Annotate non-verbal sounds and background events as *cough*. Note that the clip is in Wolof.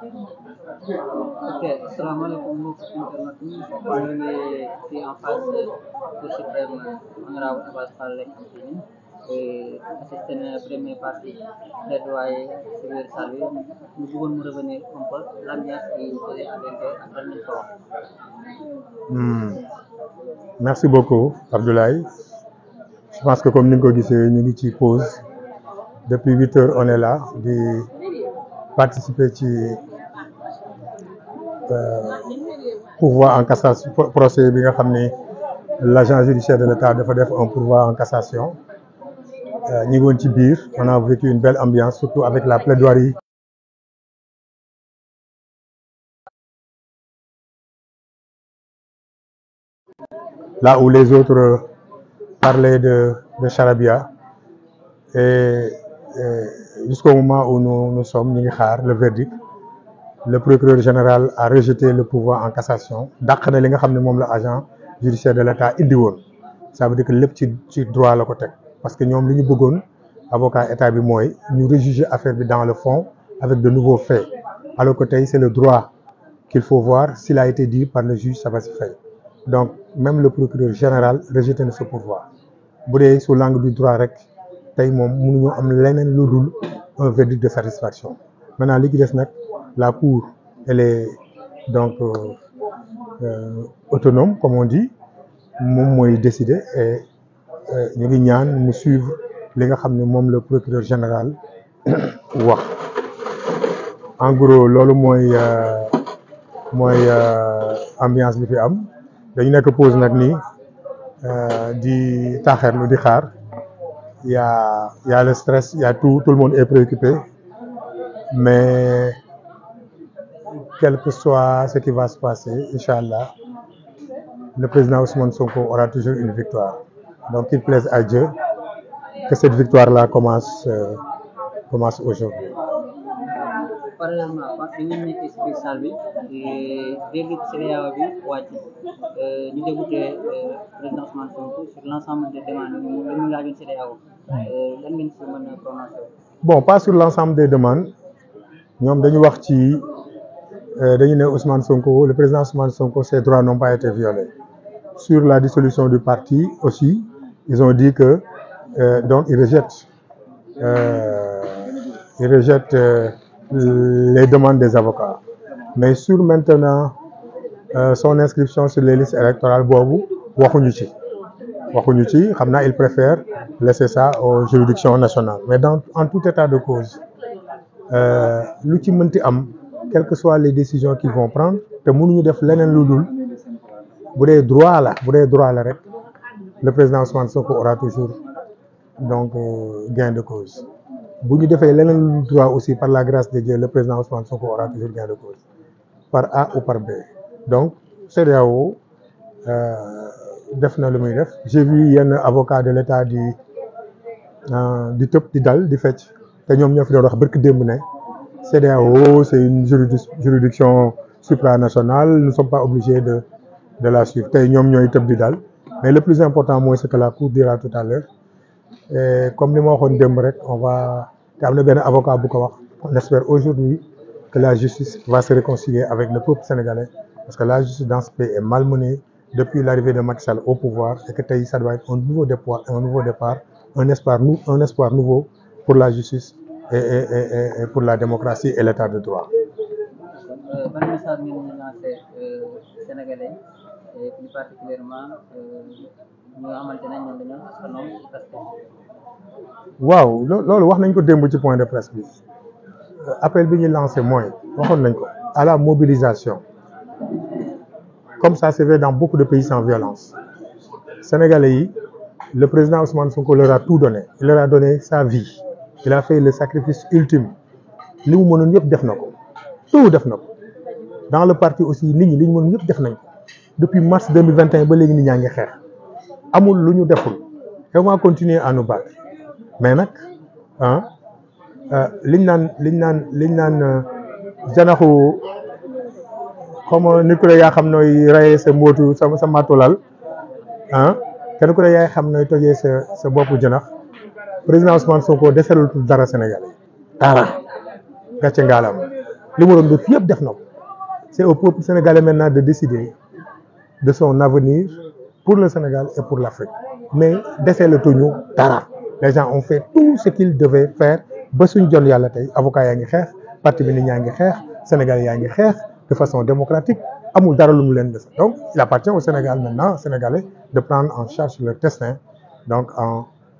Ok, Assalamualaikum warahmatullahi wabarakatuh. Kami en face du suprême honorable Abbas Fall Kantini et hmm. Merci beaucoup, Abdoulaye. Je que comme nous l'avons dit, nous avons pause. Depuis 8 heures, on est là. De participer ci Euh, pourvoi en cassation procès bi nga xam ne l' agent judiciaire de l' état dafa def un pourvoi en cassation euh, ñi ngi woon ci biir on a vécu une belle ambiance surtout avec la plaidoirie là où les autres parlaient de, de charabia. Et, jusqu'au moment où nous, sommes, nous le le procureur général a rejeté le pouvoir en cassation dàq na li nga xam ne moom la agent judiciaire de l'État indi woon ça veut que lépp ci ci droit la ko teg parce que ñoom lu ñu bëggoon avocat état bi mooy ñu rejuger affaire bi dans le fond avec de nouveaux faits alors que tey c'est le droit qu'il faut voir s'il a été dit par le juge Sabassy Faye donc même le procureur général rejeté na ce pouvoir bu dee sous l'angle du droit rek tey moom mënuñu am leneen lu dul un de satisfaction maintenant li ci des nag la Cour, elle donc euh, euh, autonome, comme on dit, moom mooy décider et euh, ñu ngi ñaan mu suivre li nga xam ni moom la procureur général *coughs* wax en loolu mooy euh, mooy ambiance bi fi am dañu nekk pause nag nii di taaxeerlu di xaar y a y a stress y tout tout le monde est préoccupé mais quel que soit ce qui va se passer, Inch'Allah, le président Ousmane Sonko aura toujours une victoire. Donc il plaise à Dieu que cette victoire-là commence, euh, commence aujourd'hui. parallèlement parce que ñun ñu ngi ci biir salle bi dégg CEDEAO bi wàcc euh, ñu débuté euh, e euh, bon pas sur l' ensemble des demandes ñoom dañu wax Euh, dañu ne Ousmane Sonko le président Ousmane Sonko ses droits n'ont pas été violés sur la dissolution du parti aussi ils ont dit que euh, donc ils rejettent euh, euh les demandes des avocats mais sur maintenant euh, son inscription sur les listes électorales boobu waxuñu ci waxuñu ci xam naa ils préfèrent laisser ça aux juridictions nationales mais dans en tout état de cause lu ci am. quelles que soient les décisions qu'ils vont prendre te mënuñu def leneen lu dul bu dee droit la bu dee droit la rek le président Ousmane Sonko aura toujours donc euh, gain de cause bu ñu defee leneen lu dul droit aussi par la grâce de Dieu le président Ousmane Sonko aura toujours gain de cause par A ou par B donc CEDEAO euh, def na lu muy def j'ai vu yenn avocat de l'État di euh, di tëb di dal di fecc te ñoom ñoo fi doon wax barki démb ne CDAO, c'est une juridiction supranationale, nous ne pas obligés de, la suivre. Mais le plus important, moi, c'est que la Cour dira tout à l'heure. Comme nous avons dit, on va... un avocat On espère aujourd'hui que la justice va se réconcilier avec le peuple sénégalais. Parce que la justice dans ce pays est malmenée depuis l'arrivée de Macky Sall au pouvoir et que ça doit être un nouveau pour la justice pour la démocratie et l'état de droit. ban euh, euh, waaw loolu wax nañ ko démb ci point de presse bi euh, appel bi ñu lancé mooy waxoon nañ ko à la mobilisation comme ça c'est vrai dans beaucoup de pays sans violence Sénégalais yi le président Ousmane Sonko leur a tout donné il leur a donné sa vie. il la fait le sacrifice ultime li mu mënoon yëpp def na ko tout def na ko dans le parti aussi nit ñi li ñu mënoon yëpp def nañ ko depuis mars 2021 ba léegi nit ñaa ngi xeex amul lu ñu deful et on va continuer à nous mais nag ah euh, liñ naan liñ naan liñ naan euh, janaxu comme nit ku yaa xam nooy rayee sa mbootu sa sa màttulal ah kenn ku ne yaay xam nooy tojee sa sa boppu janax président Ousmane Sonko deselutul dara Sénégal dara gàcce ngaalam li mu doon def yëpp def na ko c'est au peuple sénégalais maintenant de décider de son avenir pour le Sénégal et pour l'Afrique mais deselutuñu dara les gens ont fait tout ce qu'ils devaient faire ba suñ jon yàlla tey avocat yaa ngi xeex parti bi nit ñaa ngi xeex Sénégal yaa ngi xeex de façon démocratique amul dara lu mu leen def donc il appartient au Sénégal maintenant Sénégalais de prendre en charge leur